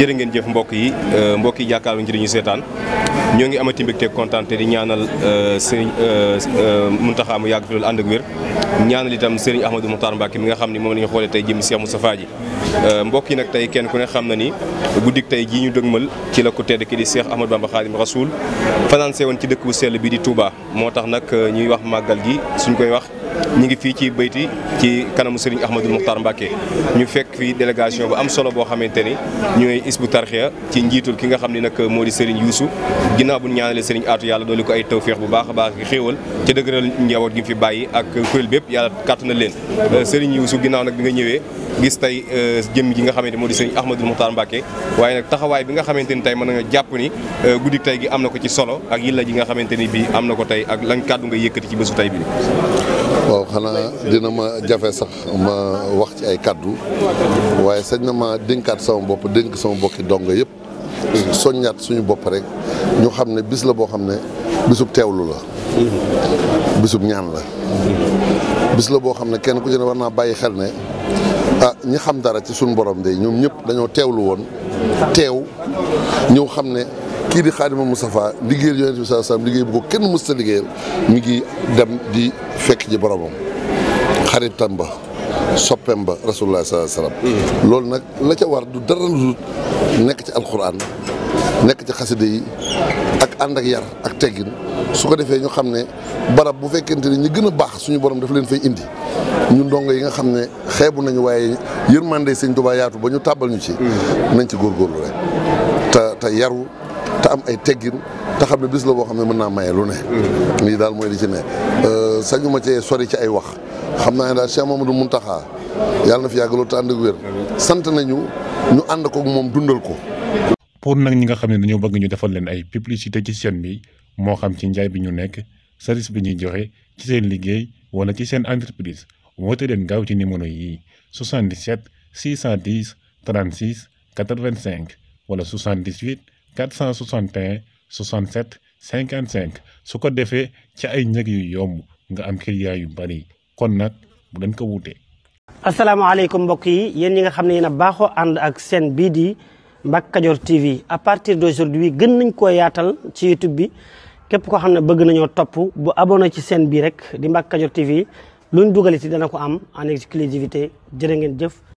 jërë ngeen jëf mbokk yi euh, mbokki yi jàkkaarloo njëriñu seetaan ñoo ngi amati mbégte kontaan te di ñaanal euh, sëriñ euh, mun mu yàgg fi loolu ànd ak wér ñaanal itam sëriñ Ahmadou Moukhtar Mbacké mi nga xam ni moom la ñu xoolee tey jëm Cheikh Moustapha ji mbokk yi nag tey kenn ku ne xam na ni guddik tey jii ñu dëgmal ci la ko tedd ki di Cheikh Ahmadou Bamba Khadim Rasoul fanaan see woon ci dëkk bu sell bi di Touba moo tax nag ñuy wax màggal gi suñ koy wax ñu ngi fii ci bayti ci kanamu Serigne Ahmadul Muxtar Mbacke ñu fekk fii délégation bu am solo boo xamante ni ñooy isbu tarxiya ci njiitul ki nga xam ne nag moo di Serigne Youssou ginnaaw bu ñaanalee Serigne Atou yàlla doolu ko ay tawféex bu baax a baax ki xéewal ca dëgëral njaboot gi fi bàyyi ak kuréel bépp yàlla kàttu na leen euh, Serigne Youssou ginnaaw nag bi nga ñëwee gis tey euh, jëmm ji nga xamante moo di Serigne Ahmadul Muxtar Mbacke waaye nag taxawaay bi nga xamante ni tey mën nga jàpp ni euh, guddik tey gi am na ko ci solo ak yilla ji nga xamante ni bi am na ko tey ak lan kàddu nga yëkkati ci bésu tey bi waaw xanaa dina ma jafe sax ma wax ci ay kàddu waaye sañ na ma dénkaat sama bopp dénk sama bokki dongo yëpp soññaat suñu bopp rek ñu xam ne bis la boo xam ne bisub teewlu la bisub ñaan la bis la boo xam ne kenn ku jël ne war naa bàyyi xel ne ah ñi xam dara ci suñu borom de ñoom ñëpp dañoo teewlu woon teew ñëw xam ne kii di xaadima Moustapha liggéeyal yonent bi saa saam liggéey bu ko kenn mës ta liggéeyal mi ngi dem di fekk ji boromam xaritam ba soppem ba rasulullah saa salaam hmm. loolu nag la ca war du dara lu nekk ci alquran nekk ci xasida yi ak ànd ak yar ak teggin su ko defee ñu xam ne barab bu fekkente ni ñi gën a baax suñu borom daf leen fay indi ñu ndongo yi nga xam ne xeebu nañu waaye yërmande sëñ Tuubaa yaatu ba ñu tàbbal ñu ci hmm. nañ ci góorgóorlu rek te yaru te am ay teggin te xam ne bis la boo xam ne mën naa maye lu ne. Mm. lii daal mooy li ci ne euh, sañu ma cee sori ci ay wax xam naa ne daal Cheikh Mamadou Mountakha yàlla na fi yàgg te ànd ak wér. sant nañu ñu ànd koog moom dundal ko. pour nag ñi nga xam ne dañoo bëgg ñu defal leen ay publicité ci seen bi moo xam ci njaay bi ñu nekk service bi ñuy joxe ci seen liggéey wala ci seen entreprise woote leen gaaw ci numéro yi 77 610 36 85 wala 78. 461 67 55 su ko defee ci ay njëg yu yomb nga am client yu bari kon nag bu dañ ko wuute. asalaamaaleykum mbokk yi yéen yi nga xam ne yéen na baaxoo ànd ak seen bii di Mbacke Kadior TV à partir d'aujourd'hui gën nañ ko yaatal ci YouTube bi képp koo xam ne bëgg nañoo topp bu abonné ci seen bii rek di Mbacke Kadior TV luñ dugal ci dana ko am en exclusivité jërë ngeen jëf.